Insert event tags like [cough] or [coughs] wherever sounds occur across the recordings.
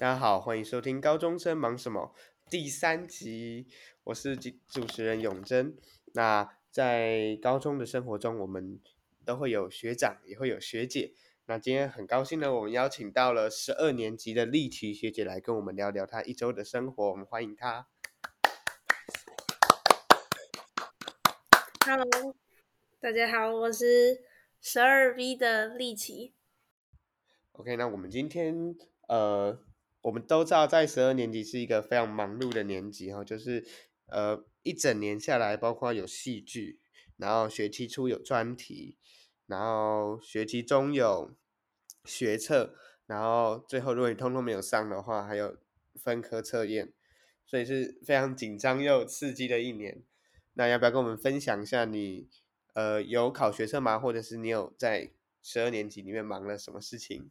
大家好，歡迎收聽《高中生忙什麼》第三集，我是主持人永真。那在高中的生活中，我們都會有學長，也會有學姐。那今天很高興呢，我們邀請到了十二年級的婯綺學姐來跟我們聊聊她一周的生活，我們歡迎她。Hello，大家好，我是十二 B 的婯綺。OK，那我們今天呃。我們都知道，在十二年級是一個非常忙碌的年級哈，就是呃一整年下來，包括有戲劇，然後學期初有專題，然後學期中有學測，然後最後如果你通通沒有上的話，還有分科測驗，所以是非常緊張又刺激的一年。那要不要跟我們分享一下你呃有考學測嗎？或者是你有在十二年級裡面忙了什麼事情？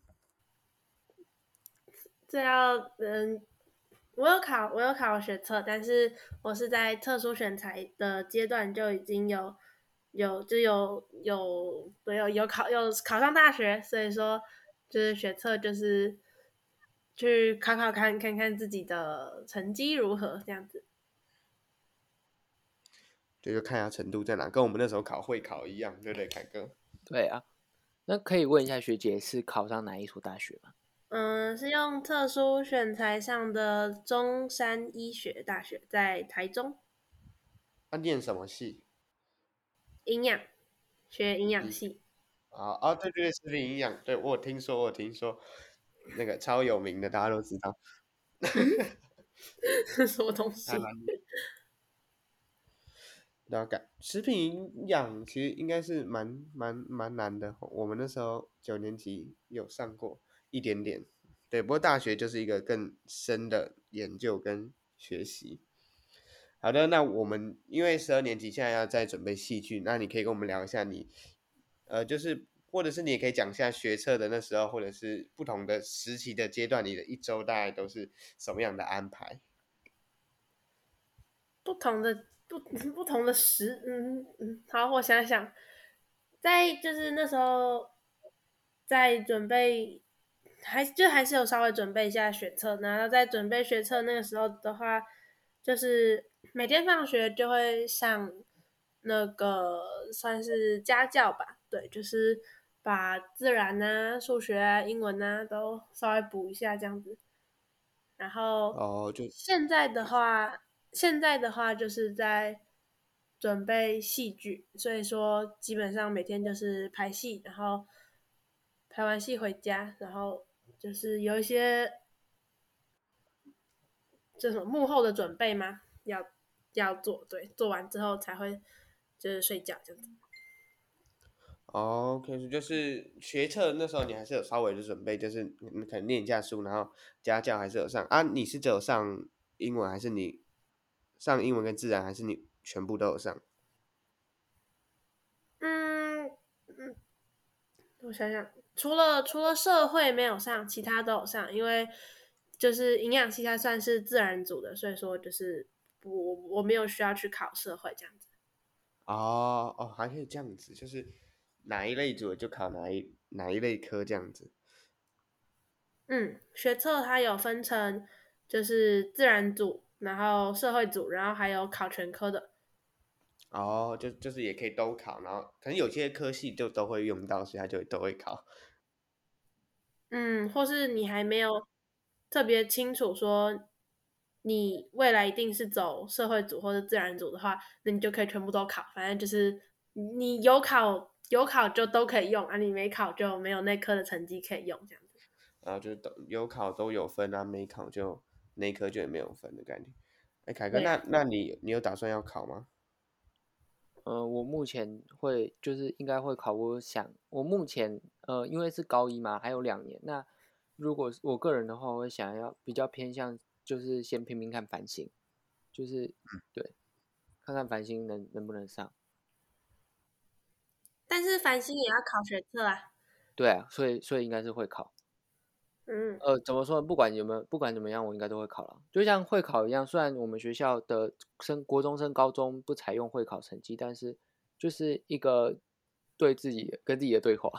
這要嗯，我有考，我有考學測，但是我是在特殊選才的階段就已經有有就有有有有考有考上大學，所以說就是學測就是去考考看看看，看自己的成績如何這樣子。這就看一下程度在哪，跟我們那時候考會考一樣，對對，凱哥？對啊，那可以問一下學姐是考上哪一所大學嗎？嗯，是用特殊選材上的中山醫學大學，在台中。他、啊、念什麼系？營養，學營養系。啊、哦、啊、哦，對對對，食品營養，對，我有聽說我有聽說那個超有名的，大家都知道。 [laughs] [laughs] [laughs] 什麼東西？ [laughs] 大概食品營養其實應該是蠻蠻蠻難的。我們那時候九年級有上過。一點點，對，不過大學就是一個更深的研究跟學習。好的，那我們因為十二年級現在要再準備戲劇，那你可以跟我們聊一下你，呃，就是或者是你也可以講一下學測的那時候，或者是不同的時期的階段，你的一周大概都是什麼樣的安排？不同的不不同的時，嗯嗯，好，我想想，在就是那時候在準備。還就還是有稍微準備一下學測，然後在準備學測那個時候的話，就是每天放學就會上那個算是家教吧，對，就是把自然啊、數學啊、英文啊都稍微補一下這樣子。然後哦，就現在的話、uh，現在的話就是在準備戲劇，所以說基本上每天就是拍戲，然後拍完戲回家，然後。就是有一些這種幕後的準備嗎？要、要做，對，做完之後才會就是睡覺，這樣子。哦，Okay，就是學測那時候你還是有稍微的準備，就是你可能念一下書，然後家教還是有上啊？你是只有上英文，還是你上英文跟自然，還是你全部都有上？嗯嗯，我想想。除了除了社會沒有上，其他都有上，因為就是營養系它算是自然組的，所以說就是我我沒有需要去考社會這樣子。哦哦，還可以這樣子，就是哪一類組就考哪一哪一類科這樣子。嗯，學測它有分成就是自然組，然後社會組，然後還有考全科的。哦，就就是也可以都考，然後可能有些科系就都會用到，所以它就都會考。嗯，或是你還沒有特別清楚說你未來一定是走社會組或者自然組的話，那你就可以全部都考，反正就是你有考有考就都可以用啊，你沒考就沒有那科的成績可以用這樣子。然後就是有考都有分啊，沒考就那科就也沒有分的感覺。哎，凱哥，那那你你有打算要考嗎？嗯、呃，我目前會就是應該會考，我想我目前。呃，因為是高一嘛，還有兩年。那如果我個人的話，我會想要比較偏向，就是先拼命看繁星，就是對，看看繁星能能不能上。但是繁星也要考學測啊。對啊，所以所以應該是會考。嗯，呃，怎麼說？不管有沒有，不管怎麼樣，我應該都會考了，就像會考一樣。雖然我們學校的升國中升高中不採用會考成績，但是就是一個對自己跟自己的對話。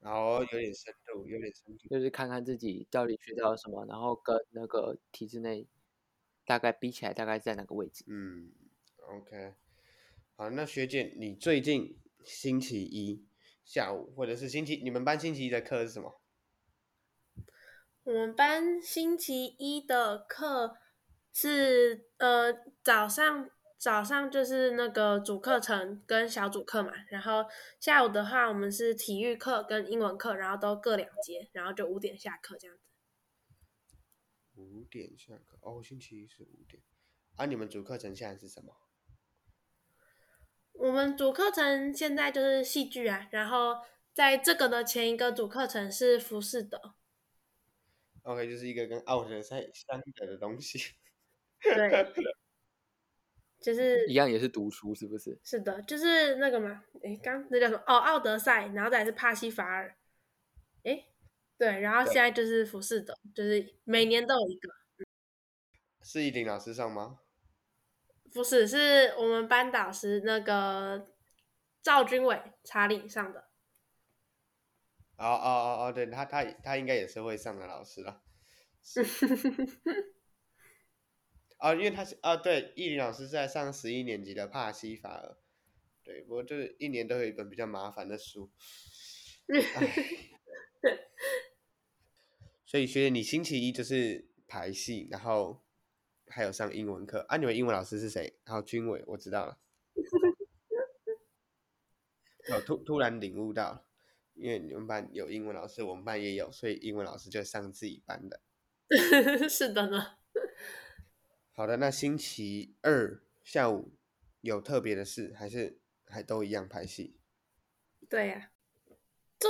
然後有點深度，有點深度，就是看看自己到底學到了什麼，然後跟那個體制內大概比起來，大概在哪個位置？嗯，OK。好，那學姐，你最近星期一下午，或者是星期你們班星期一的課是什麼？我們班星期一的課是呃早上。早上就是那個主課程跟小組課嘛，然後下午的話，我們是體育課跟英文課，然後都各兩節，然後就五點下課這樣子。五點下課哦，星期一是五點。啊，你們主課程現在是什麼？我們主課程現在就是戲劇啊，然後在這個的前一個主課程是浮士德。OK，就是一個跟奧德賽相等的東西。對。 [laughs] 就是一樣也是讀書，是不是？是的，就是那個嘛。誒，剛,剛那叫什麼？哦，奧德賽，然後再是帕西法爾。誒，對，然後現在就是浮士德，就是每年都有一個。是依林老師上嗎？不是，是我們班導師那個趙軍偉、查理上的。哦哦哦哦，對他，他他應該也是會上的老師了。 [laughs] 啊、哦，因為他是啊、哦，對，藝林老師是在上十一年級的帕西法爾，對，不過就是一年都有一本比較麻煩的書，所以學姐，你星期一就是排戲，然後還有上英文課啊？你們英文老師是誰？然後軍委，我知道了，Okay. Oh, 突突然領悟到了，因為你們班有英文老師，我們班也有，所以英文老師就上自己班的，是的呢。好的，那星期二下午有特別的事，還是還都一樣拍戲？對呀！這，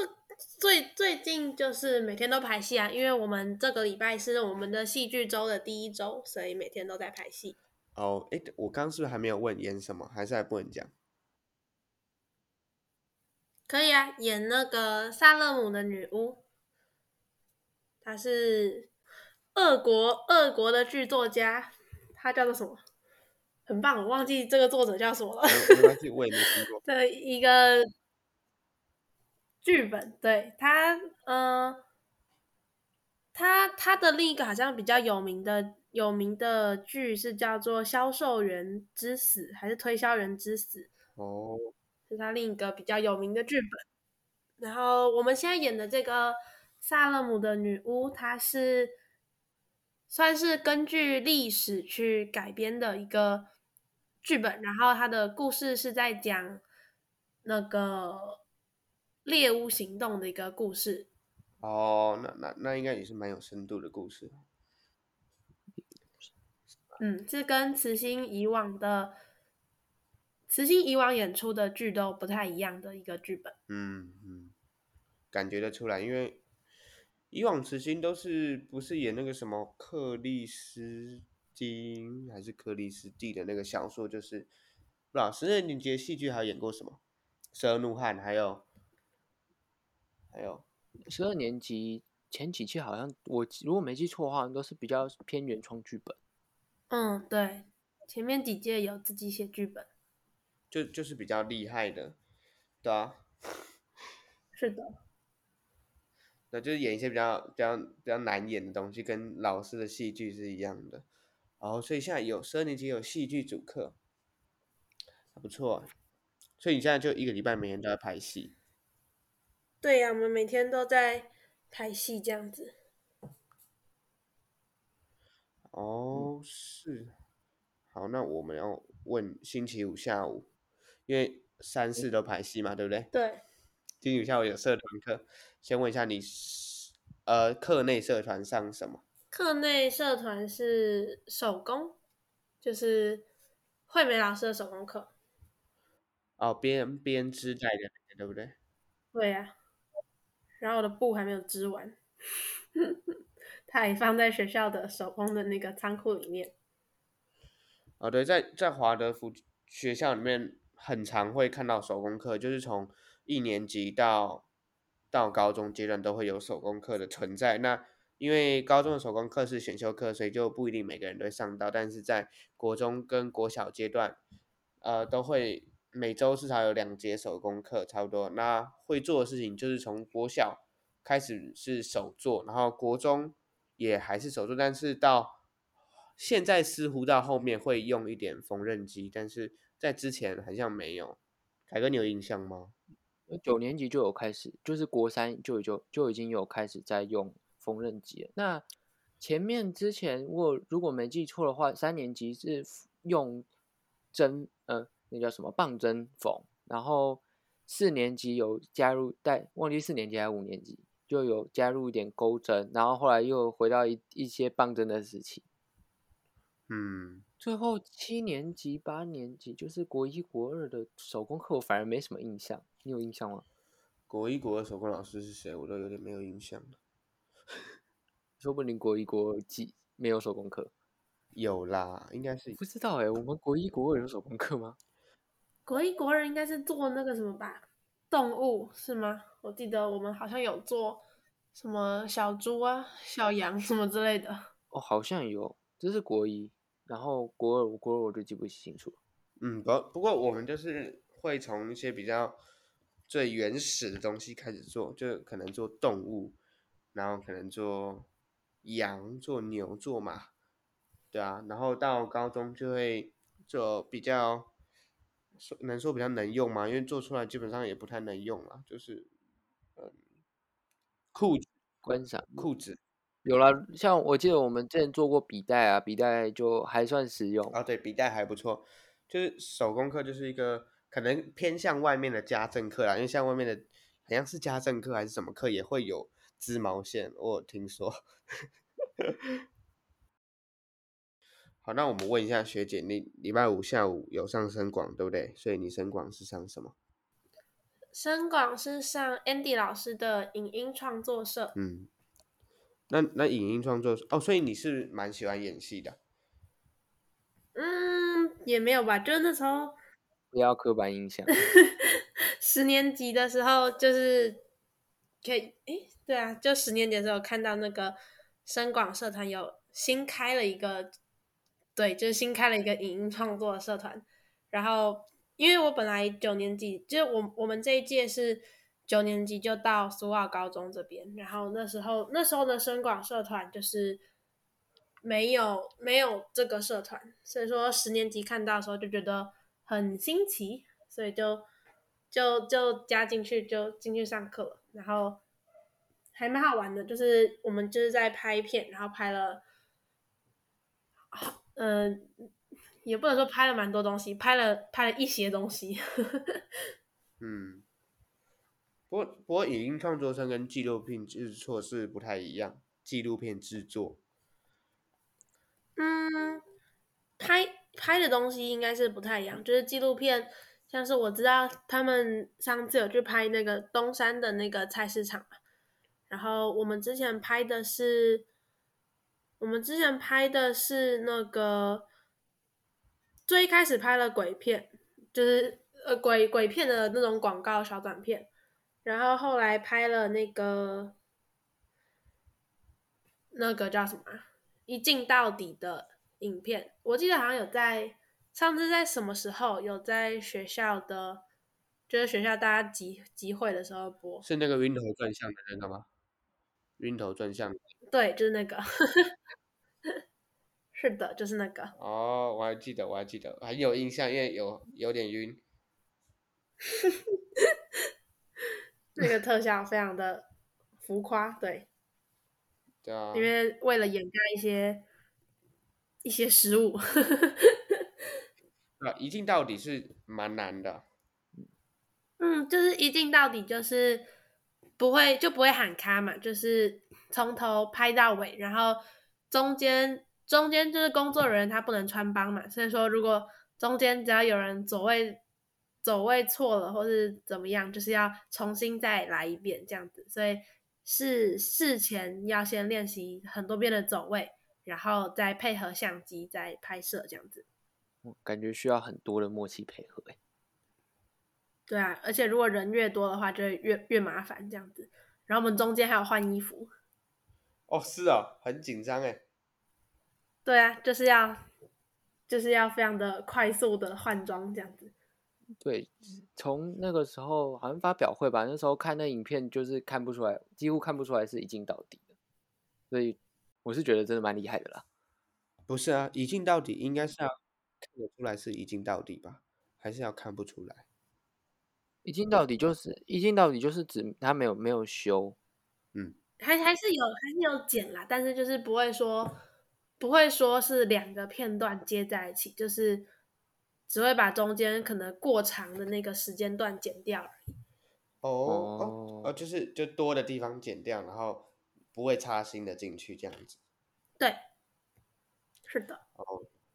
最最最近就是每天都拍戲啊，因為我們這個禮拜是我們的戲劇周的第一周，所以每天都在拍戲。哦，哎，我剛剛是不是還沒有問演什麼？還是還不能講？可以啊，演那個《薩勒姆的女巫》，她是俄國俄國的劇作家。他叫做什麼？很棒，我忘記這個作者叫什麼了。 [laughs] 我也沒聽過。對，一個劇本，對他，嗯、呃，他他的另一個好像比較有名的有名的劇是叫做《銷售員之死》，還是《推銷員之死》？哦、oh.，是他另一個比較有名的劇本。然後我們現在演的這個《薩勒姆的女巫》，她是。算是根據歷史去改編的一個劇本，然後他的故事是在講那個獵巫行動的一個故事。哦，那那那應該也是蠻有深度的故事。嗯，這跟慈心以往的慈心以往演出的劇都不太一樣的一個劇本。嗯嗯，感覺得出來，因為。以往慈心都是不是演那個什麼克利斯汀還是克里斯蒂的那個小說，就是老師，你覺得戲劇還有演過什麼《十二怒漢》，還有還有十二年級前幾期好像，我如果沒記錯的話，都是比較偏原創劇本。嗯，對，前面幾屆有自己寫劇本，就就是比較厲害的，對啊，是的。那就是演一些比較比較比較難演的東西，跟老師的戲劇是一樣的。然、哦、後，所以現在有十二年級有戲劇主課，不錯、啊。所以你現在就一個禮拜每天都在拍戲。對呀、啊，我們每天都在拍戲這樣子。哦，是。好，那我們要問星期五下午，因為三四都拍戲嘛，對不對？對。今天下午有社團課，先問一下你，呃，課內社團上什麼？課內社團是手工，就是惠美老師的手工課。哦，編編織帶的，對不對？對呀、啊。然後我的布還沒有織完，它還放在學校的手工的那個倉庫裡面。哦，對，在在華德福學校裡面，很常會看到手工課，就是從一年級到到高中階段都會有手工課的存在。那因為高中的手工課是選修課，所以就不一定每個人都會上到。但是在國中跟國小階段，呃，都會每周至少有兩節手工課，差不多。那會做的事情就是從國小開始是手做，然後國中也還是手做，但是到現在似乎到後面會用一點縫紉機，但是在之前好像沒有。凱哥，你有印象嗎？九年級就有開始，就是國三就就就已經有開始在用縫紉機了。那前面之前我如果沒記錯的話，三年級是用針，呃，那叫什麼棒針縫。然後四年級有加入，但忘記四年級還是五年級就有加入一點鈎針。然後後來又回到一一些棒針的時期。嗯。最後七年級、八年級就是國一、國二的手工課，我反而沒什麼印象。你有印象嗎？國一、國二手工老師是誰？我都有點沒有印象了。 [laughs] 說不定國一、國二幾沒有手工課？有啦，應該是。不知道哎、欸。我們國一、國二有手工課嗎？國一、國二人應該是做那個什麼吧？動物是嗎？我記得我們好像有做什麼小豬啊、小羊什麼之類的。 [laughs] 哦，好像有，這是國一。然後國二，國二我就記不清楚。嗯，不不過我們就是會從一些比較最原始的東西開始做，就可能做動物，然後可能做羊、做牛、做馬，對啊。然後到高中就會做比較，說能說比較能用嘛？因為做出來基本上也不太能用了，就是嗯，褲子，觀賞褲子。有了，像我記得我們之前做過筆袋啊，筆袋就還算實用啊。哦。對，筆袋還不錯，就是手工課就是一個可能偏向外面的家政課啦，因為像外面的好像是家政課還是什麼課也會有織毛線，我有聽說。 [laughs] 好，那我們問一下學姐，你禮拜五下午有上升廣對不對？所以你升廣是上什麼？升廣是上 Andy 老師的影音創作社。嗯。那那影音創作哦，所以你是蠻喜歡演戲的，嗯，也沒有吧，就那時候，不要刻板印象。 [laughs] 十年級的時候就是可以，誒，對啊，就十年級的時候看到那個深廣社團有新開了一個，對，就是新開了一個影音創作社團。然後因為我本來九年級就是我我們這一屆是。九年級就到蘇澳高中這邊，然後那時候那時候的深廣社團就是沒有沒有這個社團，所以說十年級看到的時候就覺得很新奇，所以就就就加進去就進去上課了，然後還蠻好玩的，就是我們就是在拍片，然後拍了，嗯、呃，也不能說拍了蠻多東西，拍了拍了一些東西， [laughs] 嗯。不不過，語音創作上跟紀錄片製作是不太一樣。紀錄片製作，嗯，拍拍的東西應該是不太一樣。就是紀錄片，像是我知道他們上次有去拍那個東山的那個菜市場，然後我們之前拍的是，我們之前拍的是那個最一開始拍了鬼片，就是呃鬼鬼片的那種廣告小短片。然後後來拍了那個那個叫什麼“一鏡到底”的影片，我記得好像有在上次在什麼時候有在學校的，就是學校大家集集會的時候播，是那個暈頭轉向的那個嗎？暈頭轉向，對，就是那個， [laughs] 是的，就是那個。哦，oh，我還記得，我還記得，很有印象，因為有有點暈。 [laughs] 那 [laughs] 個特效非常的浮誇，對，對啊，因為為了掩蓋一些一些失誤 [laughs] ，啊，一鏡到底是蠻難的。嗯，就是一鏡到底，就是不會就不會喊卡嘛，就是從頭拍到尾，然後中間中間就是工作人員他不能穿幫嘛，所以說如果中間只要有人走位。走位錯了，或是怎麼樣，就是要重新再來一遍這樣子。所以是事前要先練習很多遍的走位，然後再配合相機再拍攝這樣子。我感覺需要很多的默契配合。對啊，而且如果人越多的話，就會越越麻煩這樣子。然後我們中間還要換衣服。哦，是啊、哦，很緊張哎。對啊，就是要就是要非常的快速的換裝這樣子。對，從那個時候好像發表會吧，那時候看那影片，就是看不出來，幾乎看不出來是一鏡到底的，所以我是覺得真的蠻厲害的啦。不是啊，一鏡到底應該是、啊、看得出來是一鏡到底吧，還是要看不出來？一鏡到底就是一鏡到底就是指他沒有沒有修，嗯，還還是有還是有剪啦，但是就是不會說不會說是兩個片段接在一起，就是。只會把中間可能過長的那個時間段剪掉而已，哦，哦，就是就多的地方剪掉，然後不會插新的進去這樣子，對，是的，哦，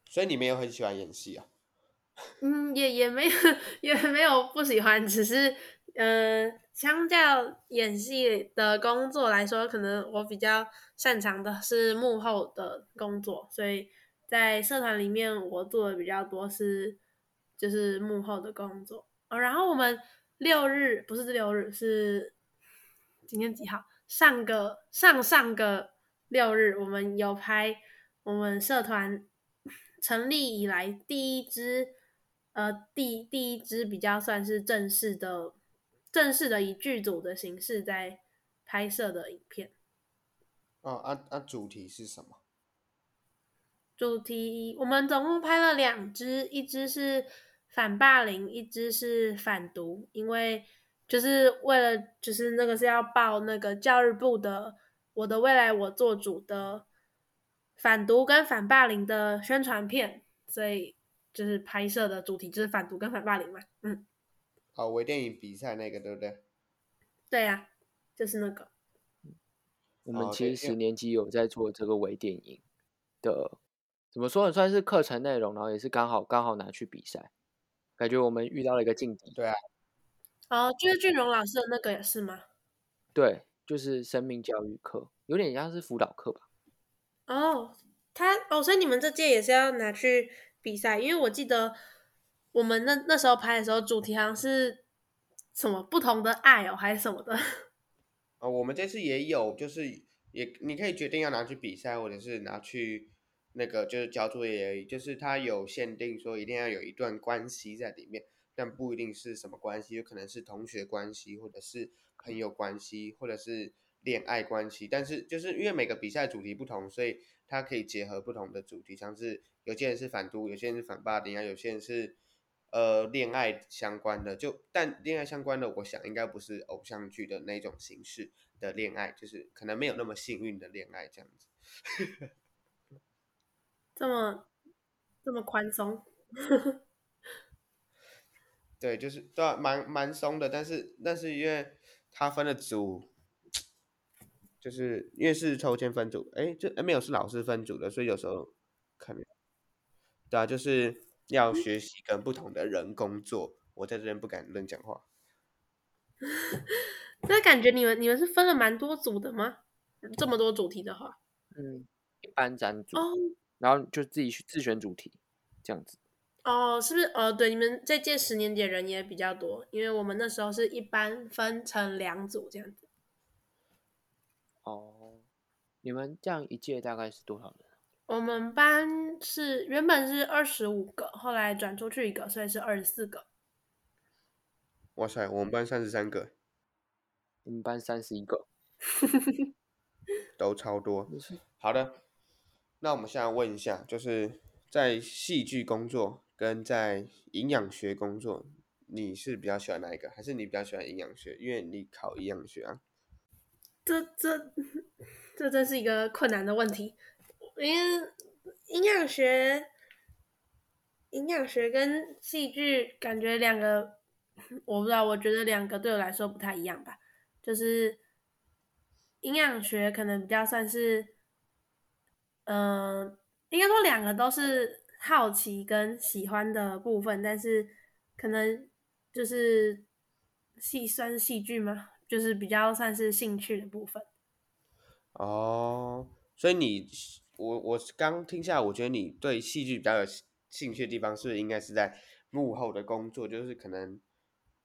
所以你沒有很喜歡演戲啊？嗯，也也沒有，也沒有不喜歡，只是，呃，相較演戲的工作來說，可能我比較擅長的是幕後的工作，所以在社團裡面我做的比較多是。就是幕後的工作、哦、然後我們六日不是六日，是今天幾號？上個上上個六日，我們有拍我們社團成立以來第一支呃第第一支比較算是正式的正式的以劇組的形式在拍攝的影片。啊、哦、啊，啊主題是什麼？主題一我們總共拍了兩支，一支是。反霸凌，一直是反毒，因為就是為了就是那個是要報那個教育部的“我的未來我做主”的反毒跟反霸凌的宣傳片，所以就是拍攝的主題就是反毒跟反霸凌嘛。嗯，好、哦，微電影比賽那個對不對？對呀、啊，就是那個。我們其實十年級有在做這個微電影的，怎麼說呢？算是課程內容，然後也是剛好剛好拿去比賽。感覺我們遇到了一個勁敵。對啊。哦，就是俊榮老師的那個也是嗎？對，就是生命教育課，有點像是輔導課吧。哦，他哦，所以你們這屆也是要拿去比賽？因為我記得我們那那時候拍的時候，主題好像是什麼不同的愛哦，還是什麼的。哦，我們這次也有，就是也你可以決定要拿去比賽，或者是拿去。那個就是交作業而已，就是他有限定說一定要有一段關係在裡面，但不一定是什麼關係，有可能是同學關係，或者是朋友關係，或者是戀愛關係。但是就是因為每個比賽主題不同，所以它可以結合不同的主題，像是有些人是反毒，有些人是反霸凌啊，有些人是呃戀愛相關的。就但戀愛相關的，我想應該不是偶像劇的那種形式的戀愛，就是可能沒有那麼幸運的戀愛這樣子。 [laughs] 這麼這麼寬鬆， [laughs] 對，就是對，蠻蠻鬆的，但是但是，因為他分了組，就是因為是抽籤分組，哎，這沒有是老師分組的，所以有時候可能對啊，就是要學習跟不同的人工作。嗯、我在這邊不敢亂講話。這 [laughs] 感覺你們你們是分了蠻多組的嗎？這麼多主題的話，嗯，一般占組、哦然後就自己去自選主題，這樣子。哦，是不是？哦，對，你們這屆十年級的人也比較多，因為我們那時候是一班分成兩組，這樣子。哦，你們這樣一屆大概是多少人？我們班是原本是二十五個，後來轉出去一個，所以是二十四個。哇塞，我們班三十三個，我們班三十一個， [laughs] 都超多。好的。那我們現在問一下，就是在戲劇工作跟在營養學工作，你是比較喜歡哪一個？還是你比較喜歡營養學？因為你考營養學啊。這這這真是一個困難的問題，因為營養學、營養學跟戲劇感覺兩個，我不知道，我覺得兩個對我來說不太一樣吧。就是營養學可能比較算是。嗯、呃，應該說，兩個都是好奇跟喜歡的部分，但是可能就是戲算是戲劇嗎？就是比較算是興趣的部分。哦，所以你我我剛聽下來，我覺得你對戲劇比較有興趣的地方，是不是應該是在幕後的工作？就是可能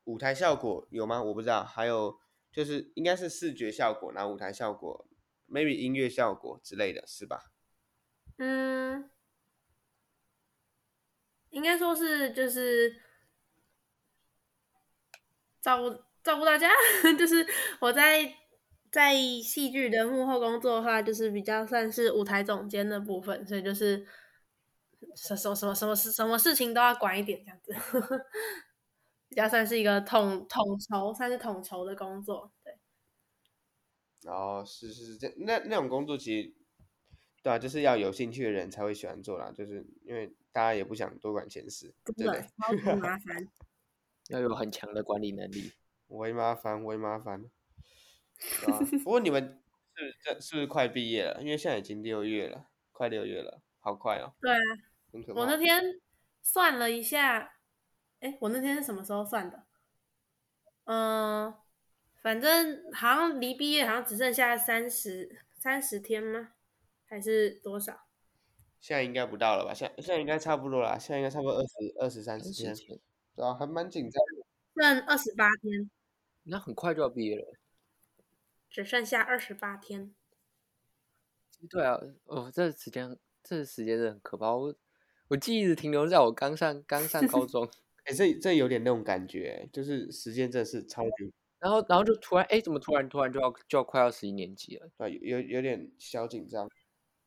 舞台效果有嗎？我不知道，還有就是應該是視覺效果，然後舞台效果，maybe 音樂效果之類的是吧？嗯，應該說是就是照顧照顧大家，就是我在在戲劇的幕後工作的話，就是比較算是舞台總監的部分，所以就是什什什麼什麼事什麼事情都要管一點這樣子，呵呵，比較算是一個統統籌算是統籌的工作，對。哦，是是是，這那那種工作其實。對啊，就是要有興趣的人才會喜歡做啦，就是因為大家也不想多管閒事，對、啊，超級麻煩， [laughs] 要有很強的管理能力，我也麻煩，我也麻煩。啊、 [laughs] 不過你們是這是，是不是快畢業了？因為現在已經六月了，快六月了，好快哦。對啊。很可怕。我那天算了一下，哎，我那天是什麼時候算的？嗯、呃，反正好像離畢業好像只剩下三十三十天嗎？還是多少？現在應該不到了吧？現現在應該差不多啦，現在應該差不多二十二十三天前，20, 對啊，還蠻緊張的。剩二十八天，那很快就要畢業了。只剩下二十八天。對啊，哦，這時間，這時間真的很可怕。我我記憶一直停留在我剛上剛上高中，哎、 [laughs] 欸，這這有點那種感覺，就是時間真的是超級。然後然後就突然，哎，怎麼突然突然就要就要快要十一年級了？對、啊，有有,有點小緊張。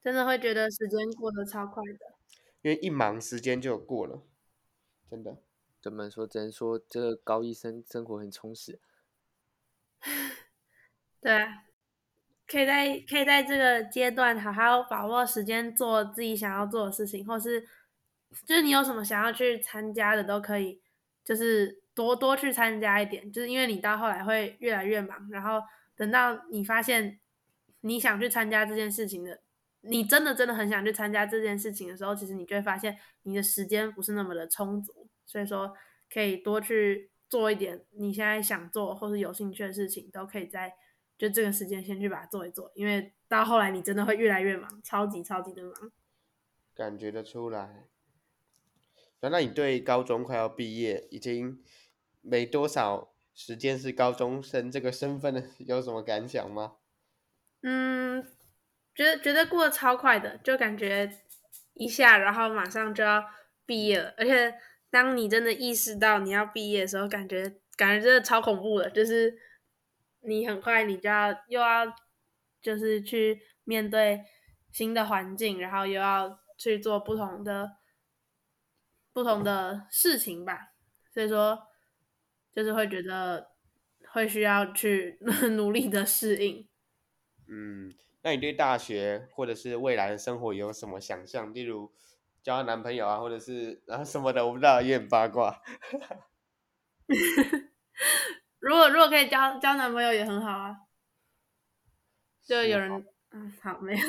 真的會覺得時間過得超快的，因為一忙時間就有過了，真的。怎麼說真？只能說這個高一生生活很充實。 [laughs] 對啊，可以在可以在這個階段好好把握時間，做自己想要做的事情，或是就是你有什麼想要去參加的，都可以，就是多多去參加一點。就是因為你到後來會越來越忙，然後等到你發現你想去參加這件事情的。你真的真的很想去參加這件事情的時候，其實你就會發現你的時間不是那麼的充足，所以說可以多去做一點你現在想做或是有興趣的事情，都可以在就這個時間先去把它做一做，因為到後來你真的會越來越忙，超級超級的忙。感覺得出來。難道你對高中快要畢業，已經沒多少時間是高中生這個身份的，有什麼感想嗎？嗯。覺得覺得過得超快的，就感覺一下，然後馬上就要畢業了。而且當你真的意識到你要畢業的時候，感覺感覺真的超恐怖的。就是你很快，你就要又要就是去面對新的環境，然後又要去做不同的不同的事情吧。所以說，就是會覺得會需要去呵呵努力的適應。嗯。那你對大學或者是未來的生活有什麼想象？例如交男朋友啊，或者是然後、啊、什麼的，我不知道，有點八卦。 [laughs] [laughs] 如果如果可以交交男朋友也很好啊，就有人啊，好沒有， [laughs]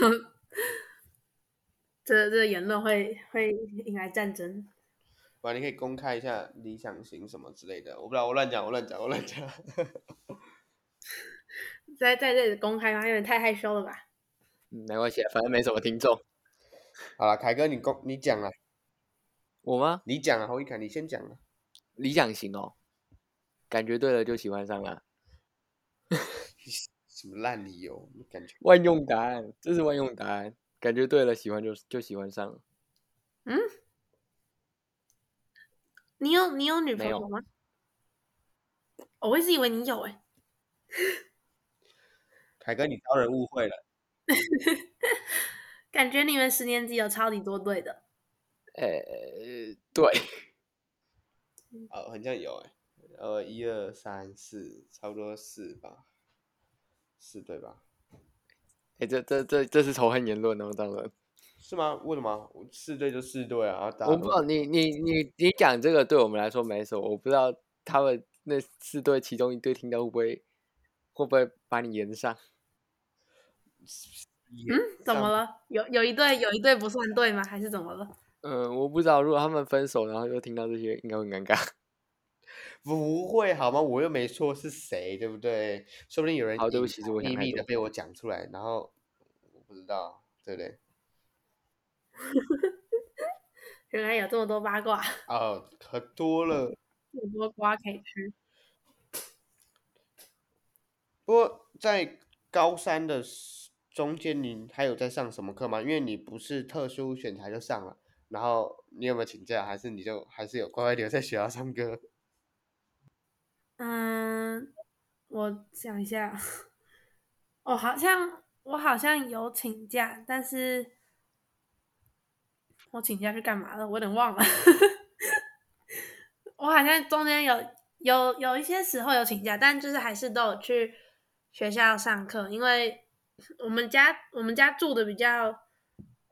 這個、這個、言論會會引來戰爭。不然、啊、你可以公開一下理想型什麼之類的，我不知道，我亂講，我亂講，我亂講。 [laughs] 在在這裡公開嗎？有點太害羞了吧。嗯，沒關係，反正沒什麼聽眾。好了，凱哥你，你公你講了，我嗎？你講了，啊，侯一凱，你先講了，啊。理想型哦，感覺對了就喜歡上了，啊。 [laughs] 什麼爛理由、哦？感覺萬用答案，這是萬用答案。感覺對了，喜歡就就喜歡上了。嗯？你有你有女朋友嗎？我一直以為你有哎，欸。 [laughs] 凱哥，你招人誤會了。 [laughs] 感覺你們十年級有超級多對的。呃、欸，對。哦，好像有哎、欸。呃，一二三四，差不多四吧，四對吧。哎、欸，這這這這是仇恨言論哦，張倫。是嗎？為什麼？四對就四對啊！我不知道你你你你講這個對我們來說沒什麼。我不知道他們那四對其中一對聽到會不會會不會把你連上？嗯，怎麼了？有有一對，有一對不算對嗎？還是怎麼了？嗯，我不知道。如果他們分手，然後又聽到這些，應該很尷尬。不會好嗎？我又沒說是誰，對不對？說不定有人好，對不起，是我太敏感了。秘密的被我講出來，然後我不知道，對不對？ [laughs] 原來有這麼多八卦。哦，可多了。這、嗯、這麼多瓜可以吃。不過在高三的中間你還有在上什麼課嗎？因為你不是特殊選才，就上了，然後你有沒有請假？還是你就還是有乖乖留在學校上課？嗯，我想一下，我好像我好像有請假，但是我請假去幹嘛了？我有點忘了。 [laughs] 我好像中間有有有一些時候有請假，但就是還是都有去學校上課，因為。我們家我們家住的比較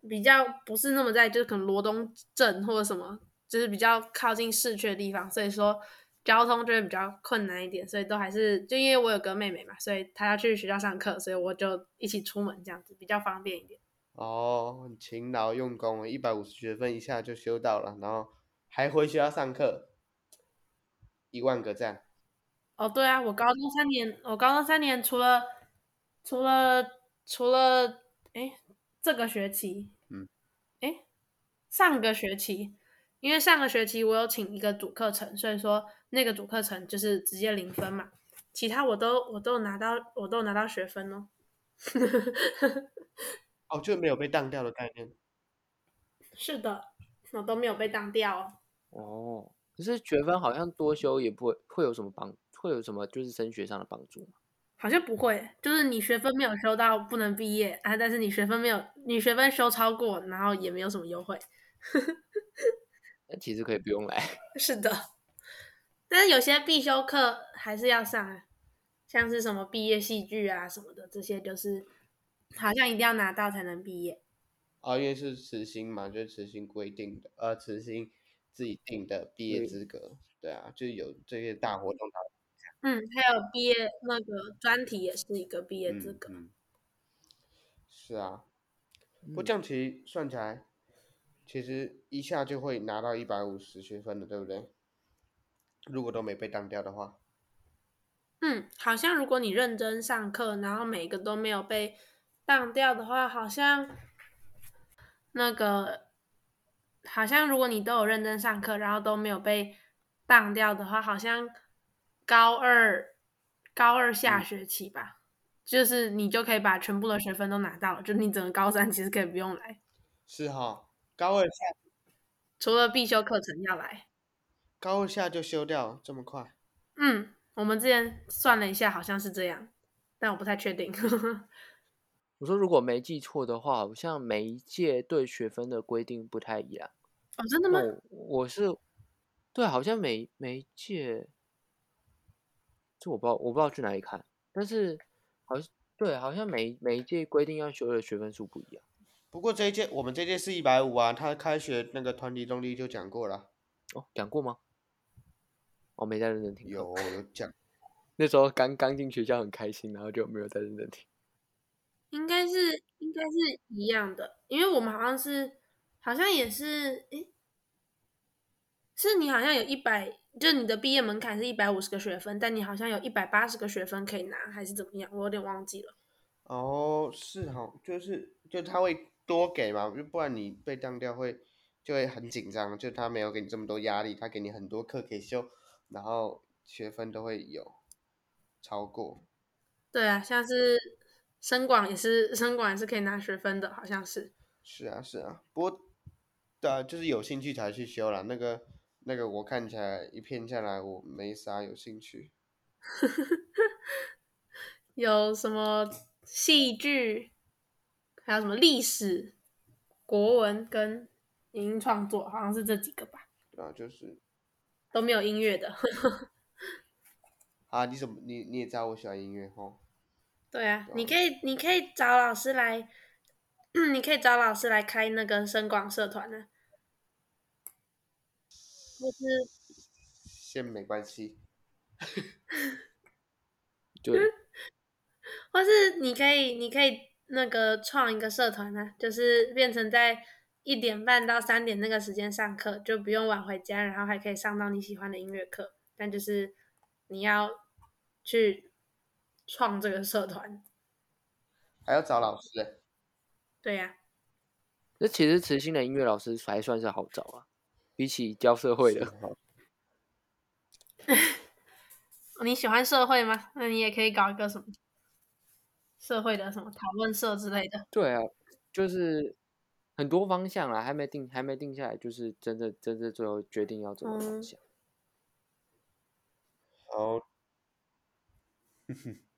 比較不是那麼在，就是可能羅東鎮或者什麼，就是比較靠近市區的地方，所以說交通就會比較困難一點。所以都還是就因為我有個妹妹嘛，所以她要去學校上課，所以我就一起出門這樣子比較方便一點。哦，很勤勞用功，一百五十學分一下就修到了，然後還回學校上課，一萬個讚。哦，對啊，我高中三年，我高中三年除了。除了除了哎，這個學期，嗯，哎，上個學期，因為上個學期我有請一個主課程，所以說那個主課程就是直接零分嘛，其他我都我都拿到我都拿到學分呵、哦。 [laughs] 哦，就沒有被當掉的概念。是的，我都沒有被當掉哦。哦，可是學分好像多修也不會會有什麼幫，會有什麼就是升學上的幫助嗎？好像不會，就是你學分沒有修到不能畢業啊，但是你學分沒有，你學分修超過，然後也沒有什麼優惠。那 [laughs] 其實可以不用來。是的，但是有些必修課還是要上，像是什麼畢業戲劇啊什麼的，這些就是好像一定要拿到才能畢業。啊、哦，因為是慈心嘛，就是慈心規定的，呃，慈心自己定的畢業資格、嗯，對啊，就有這些大活動、啊。嗯嗯，還有畢業那個專題也是一個畢業資格，嗯嗯、是啊，不過這樣其實算起來、嗯，其實一下就會拿到一百五十學分的，對不對？如果都沒被當掉的話。嗯，好像如果你認真上課，然後每個都沒有被當掉的話，好像那個好像如果你都有認真上課，然後都沒有被當掉的話，好像。高二，高二下學期吧、嗯，就是你就可以把全部的學分都拿到了，就你整個高三其實可以不用來。是哈、哦，高二下，除了必修課程要來，高二下就修掉這麼快？嗯，我們之前算了一下，好像是這樣，但我不太確定。 [laughs] 我說如果沒記錯的話，好像每一屆對學分的規定不太一樣。哦，真的嗎？我，我是，對，好像每每一屆。這我不知道，我不知道去哪裡看。但是，好像對，好像每每一屆規定要修的學分數不一樣。不過這一屆我們這一屆是一百五啊。他開學那個團體動力就講過了。哦，講過嗎？我、哦、沒在認真聽，有有講。那時候剛剛進學校很開心，然後就沒有在認真聽。應該是應該是一樣的，因為我們好像是好像也是哎，是你好像有一百，就你的畢業門檻是一百五十個學分，但你好像有一百八十個學分可以拿，還是怎麼樣？我有點忘記了。哦，是好，就是就他會多給嘛，就不然你被當掉會就會很緊張。就他沒有給你這麼多壓力，他給你很多課可以修，然後學分都會有超過。對啊，像是深廣也是深廣也是可以拿學分的，好像是。是啊，是啊，不過，對、呃、就是有興趣才去修啦，那個。那個我看起來一片下來，我沒啥有興趣。 [laughs] 有什麼戲劇，還有什麼歷史、國文跟影音創作，好像是這幾個吧。啊，就是都沒有音樂的。 [laughs] 啊，你怎麼你你也知道我喜歡音樂哦？對啊。嗯、你可以你可以找老師來， [coughs] 你可以找老師來開那個聲光社團的。就是先沒關係，對 [laughs] ，或是你可以，你可以那個創一個社團呢、啊，就是變成在一點半到三點那個時間上課，就不用晚回家，然後還可以上到你喜歡的音樂課。但就是你要去創這個社團，還要找老師。對呀、啊，那其實慈心的音樂老師還算是好找啊，比起教社會的，啊、好 [laughs] 你喜歡社會嗎？那你也可以搞一個什麼社會的什麼討論社之類的。對啊，就是很多方向啊，還沒定，還沒定下來，就是真的，真的最後決定要做的方向。嗯、好， [laughs]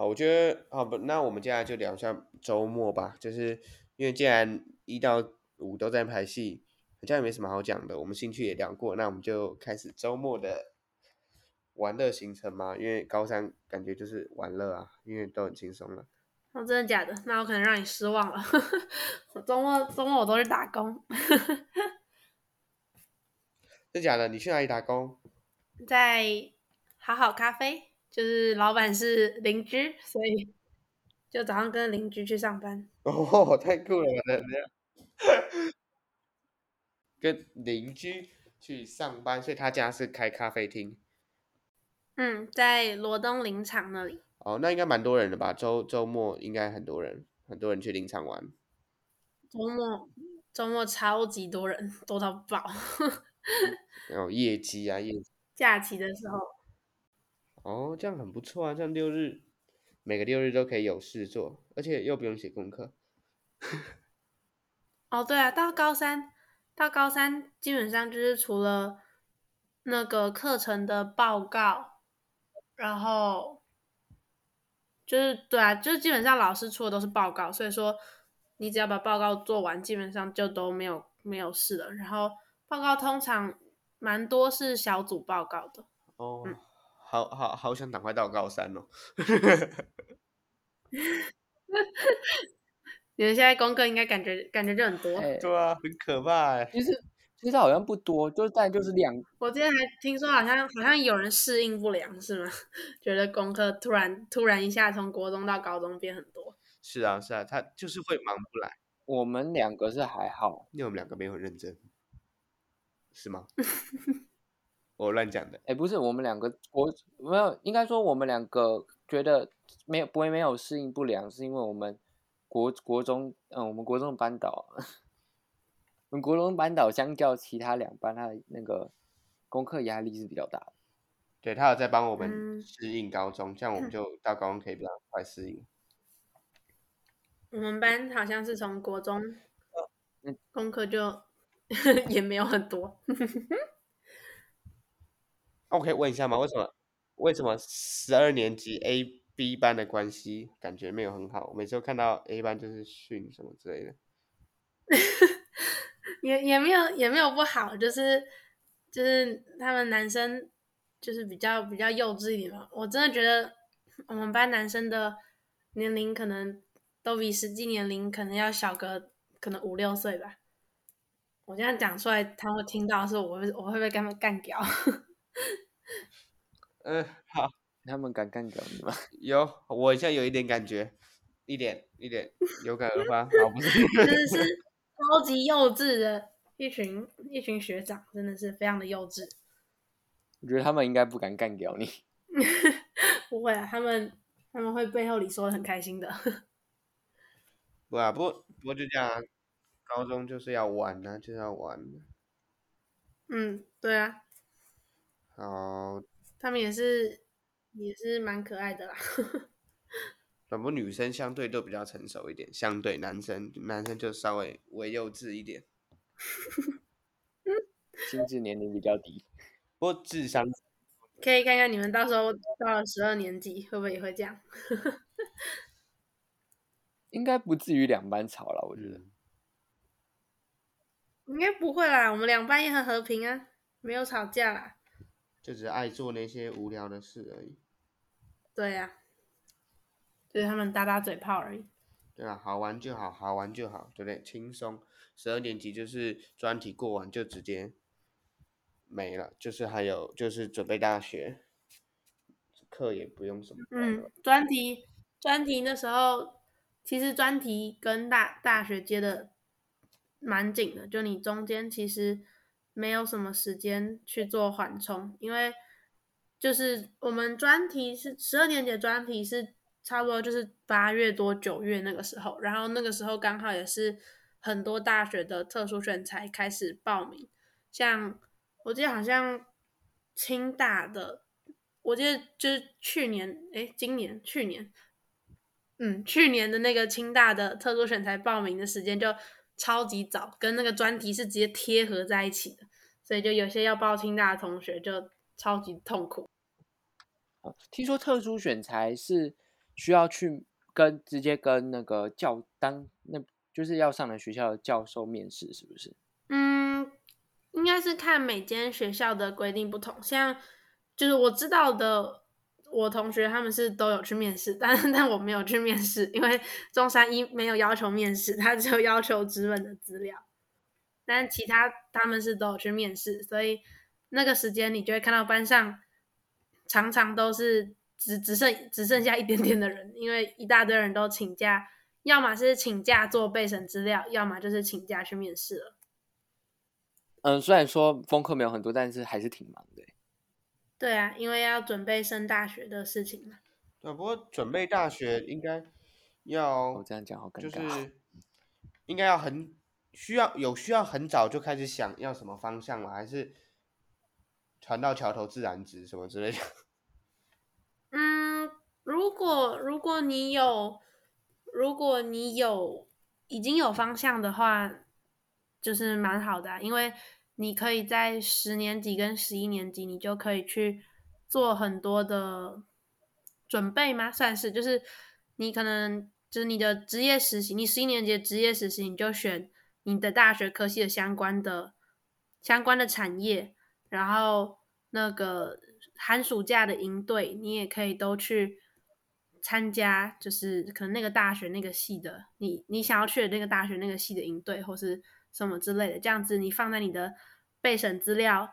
好，我覺得啊不，那我們現在就聊一下周末吧，就是因為既然一到五都在排戲。好像也沒什麼好講的，我們興趣也聊過，那我們就開始週末的玩樂行程嘛，因為高三感覺就是玩樂啊，因為都很輕鬆了。那、哦、真的假的？那我可能讓你失望了。 [laughs] 我週末週末我都是打工。 [laughs] 真的假的？你去哪裡打工？在好好咖啡，就是老闆是鄰居，所以就早上跟鄰居去上班。哦，太酷了吧！真的。 [laughs] 跟鄰居去上班，所以他家是開咖啡廳。嗯，在羅東林場那裡。哦，那應該蠻多人的吧？週週末應該很多人，很多人去林場玩。週末週末超級多人，多到爆。然後、 [laughs] 哦、業績啊，業。假期的時候。哦，這樣很不錯啊！這樣六日，每個六日都可以有事做，而且又不用寫功課。 [laughs] 哦，對啊，到高三。到高三基本上就是除了那個課程的報告，然後就是對啊，就是基本上老師出的都是報告，所以說你只要把報告做完，基本上就都沒有沒有事了。然後報告通常蠻多是小組報告的。哦、oh, 嗯，好好好想趕快到高三哦。 [laughs] [laughs] 你們現在功課應該感覺感覺就很多。對啊，很可怕。其實其實好像不多，就大概就是兩。我之前還聽說好像好像有人適應不良，是嗎？覺得功課突然突然一下從國中到高中變很多。是啊，是啊，他就是會忙不來。我們兩個是還好，因為我們兩個沒有認真，是嗎？ [laughs] 我亂講的。哎，不是，我們兩個，我，我沒有，應該說我們兩個覺得沒有不會沒有適應不良，是因為我們。國國中，嗯，我們國中的班導，我們國中的班導相較其他兩班，他的那個功課壓力是比較大的。對，他有在幫我們適應高中，嗯，這樣我們就到高中可以比較快適應。嗯。我們班好像是從國中，嗯，功課就，呵呵，也沒有很多。 [laughs] ok 我可以問一下嗎？為什麼？為什麼十二年級 A？B 班的關係感覺沒有很好，我每次都看到 A 班就是訓什麼之類的， [laughs] 也也沒有也沒有不好，就是就是他們男生就是比較比較幼稚一點嘛。我真的覺得我們班男生的年齡可能都比實際年齡可能要小個可能五六歲吧。我這樣講出來，他們聽到的是我會我會不會被他們幹掉？嗯。他們敢幹掉你嗎？有，我現在有一點感覺，一點一點有感而發， [laughs] 好，不是，真的是超級幼稚的一群一群學長，真的是非常的幼稚。我覺得他們應該不敢幹掉你。 [laughs] 不會啊，他們他們會背後裡說的很開心的。不啊，不不過就這樣啊，高中就是要玩呢啊，就是要玩。嗯，對啊。好。他們也是。也是蠻可愛的啦。只不過女生相對都比較成熟一點，相對男生，男生就稍微微幼稚一點，心 [laughs] 智年齡比較低。不過智商可以看看你們到時候到了十二年級會不會也會這樣？ [laughs] 應該不至於兩班吵啦，我覺得。應該不會啦，我們兩班也很和平啊，沒有吵架啦。就只愛做那些無聊的事而已。對呀、對，就是他們打打嘴炮而已。對啊，好玩就好，好玩就好，對不對？輕鬆。十二年級就是專題過完就直接沒了，就是還有就是準備大學課也不用什麼。嗯，專題專題的時候，其實專題跟大大學接的蠻緊的，就你中間其實。沒有什麼時間去做緩衝，因為就是我們專題是十二年級的專題是差不多就是八月多九月那個時候，然後那個時候剛好也是很多大學的特殊選才開始報名，像我記得好像清大的，我記得就是去年誒，今年去年，嗯去年的那個清大的特殊選才報名的時間就超級早，跟那個專題是直接貼合在一起的。所以就有些要報清大的同學就超級痛苦。聽說特殊選才是需要去跟，直接跟那個教單，那就是要上的學校的教授面試，是不是？嗯，應該是看每間學校的規定不同。像就是我知道的，我同學他們是都有去面試，但但我沒有去面試，因為中山一沒有要求面試，他只有要求紙本的資料。但其他他們是都有去面試，所以那個時間你就會看到班上常常都是只只剩只剩下一點點的人，因為一大堆人都請假，要麼是請假做備審資料，要麼就是請假去面試了。嗯，雖然說功課沒有很多，但是還是挺忙的。對啊，因為要準備升大學的事情嘛。對，不過準備大學應該要，我這樣講我感覺就是應該要很。需要有需要很早就開始想要什麼方向嗎？還是船到橋頭自然直什麼之類的？嗯，如果如果你有如果你有已經有方向的話，就是蠻好的啊，因為你可以在十年級跟十一年級，你就可以去做很多的準備嘛，算是就是你可能就是你的職業實習，你十一年級的職業實習你就選。你的大學科系的相關的相關的產業，然後那個寒暑假的營隊，你也可以都去參加，就是可能那個大學那個系的，你你想要去的那個大學那個系的營隊，或是什麼之類的，這樣子你放在你的備審資料，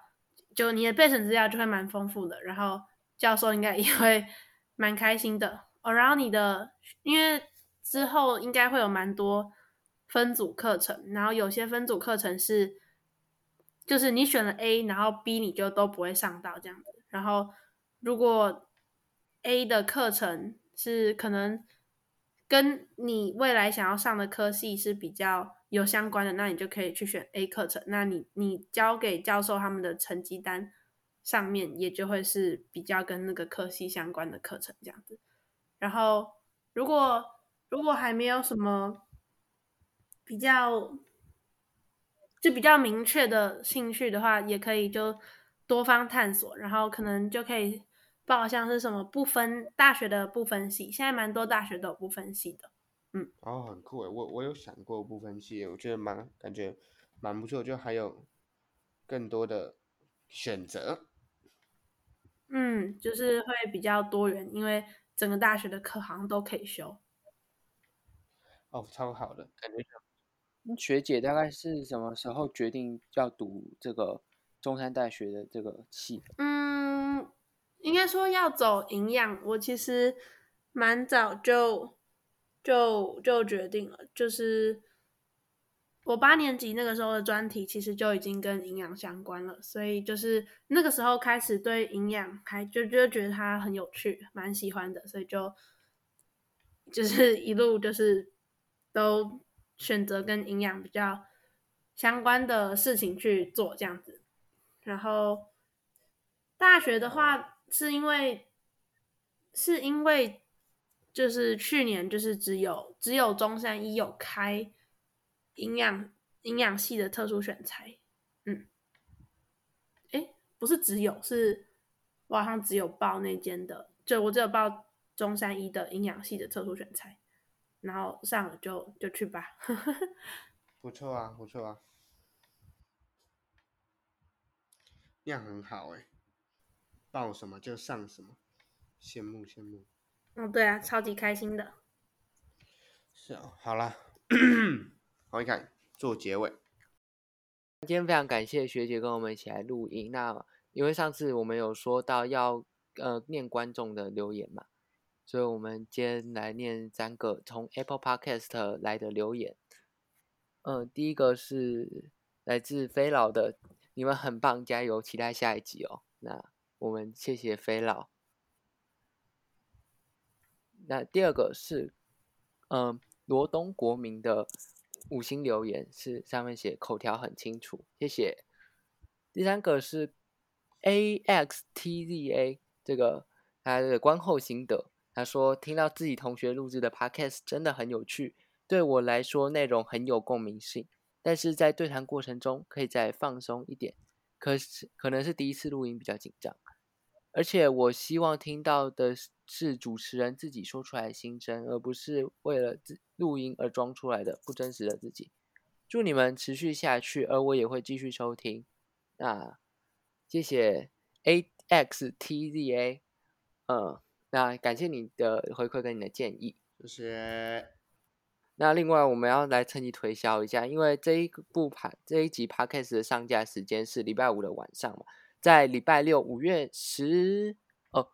就你的備審資料就會蠻豐富的，然後教授應該也會蠻開心的哦。然後你的，因為之後應該會有蠻多。分組課程，然後有些分組課程是，就是你選了 A，然後 B 你就都不會上到這樣子。然後如果 A 的課程是可能跟你未來想要上的科系是比較有相關的，那你就可以去選 A 課程。那你你交給教授他們的成績單上面也就會是比較跟那個科系相關的課程這樣子。然後如果如果還沒有什麼比較就比較明確的興趣的話，也可以就多方探索，然後可能就可以報像是什麼不分大學的不分系，現在蠻多大學都有不分系的，嗯，哦，很酷誒！我我有想過不分系，我覺得蠻感覺蠻不錯，就還有更多的選擇，嗯，就是會比較多元，因為整個大學的課行都可以修，哦，超好的，感覺。學姐大概是什麼時候決定要讀這個中山大學的這個系？嗯，應該說要走營養，我其實蠻早就就就決定了，就是我八年級那個時候的專題其實就已經跟營養相關了，所以就是那個時候開始對營養還就就覺得它很有趣，蠻喜歡的，所以就就是一路就是都。選擇跟營養比較相關的事情去做，這樣子。然後大學的話，是因為是因為就是去年就是只有只有中山醫有開營養營養系的特殊選才，嗯，誒、欸，不是只有是我好像只有報那間的，就我只有報中山醫的營養系的特殊選才。然後上了就就去吧， [laughs] 不錯啊，不錯啊，這樣很好哎，欸，報什麼就上什麼，羨慕羨慕。嗯、哦，對啊，超級開心的。是啊，好啦咳咳，好一看，們看做結尾。今天非常感謝學姐跟我們一起來錄音。那因為上次我們有說到要呃念觀眾的留言嘛。所以我們今天來念三個從 Apple Podcast 來的留言。嗯，第一個是來自飛老的，你們很棒，加油，期待下一集哦。那我們謝謝飛老。那第二個是，嗯，羅東國民的五星留言是上面寫口條很清楚，謝謝。第三個是 A X T Z A 這個他的、啊這個、觀後心得。他說：“聽到自己同學錄制的 podcast 真的很有趣，對我來說內容很有共鳴性。但是在對談過程中，可以再放鬆一點。可是可能是第一次錄音比較緊張，而且我希望聽到的是主持人自己說出來的心聲，而不是為了錄錄音而裝出來的不真實的自己。祝你們持續下去，而我也會繼續收聽。那、啊、謝謝 AXTZA，嗯。”那感謝你的回饋跟你的建議，就是，那另外我們要來趁機推銷一下，因為這一部盤這一集 podcast 的上架時間是禮拜五的晚上嘛，在禮拜六五月十哦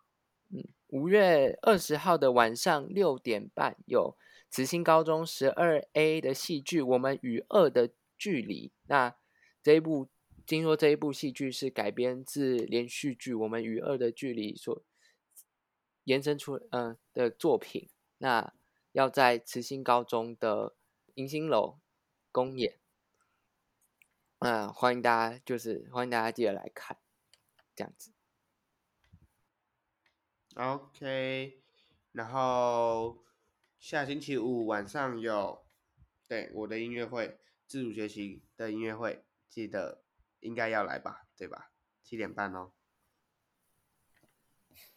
嗯五月二十號的晚上六點半有慈心高中十二 A 的戲劇《我們與惡的距離》，那這一部聽說這一部戲劇是改編自連續劇《我們與惡的距離》所。延伸出嗯、呃、的作品，那要在慈心高中的迎新樓公演，那、呃、歡迎大家，就是歡迎大家記得來看，這樣子。OK，然後下星期五晚上有對我的音樂會，自主學習的音樂會，記得應該要來吧，對吧？七點半哦，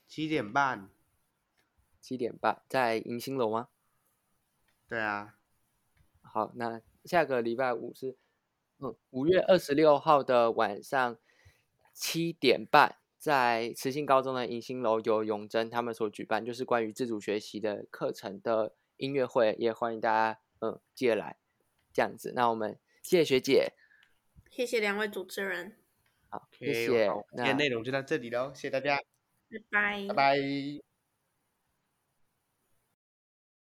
七點半。七點半在迎新樓嗎？對啊，好，那下個禮拜五是，嗯，五月二十六號的晚上七點半，在慈心高中的迎新樓由永珍他們所舉辦，就是關於自主學習的課程的音樂會，也歡迎大家，嗯，記得來，這樣子。那我們謝謝學姐，謝謝兩位主持人，好，謝謝，okay, 那今天內容就到這裡嘍，謝謝大家，拜拜，拜拜。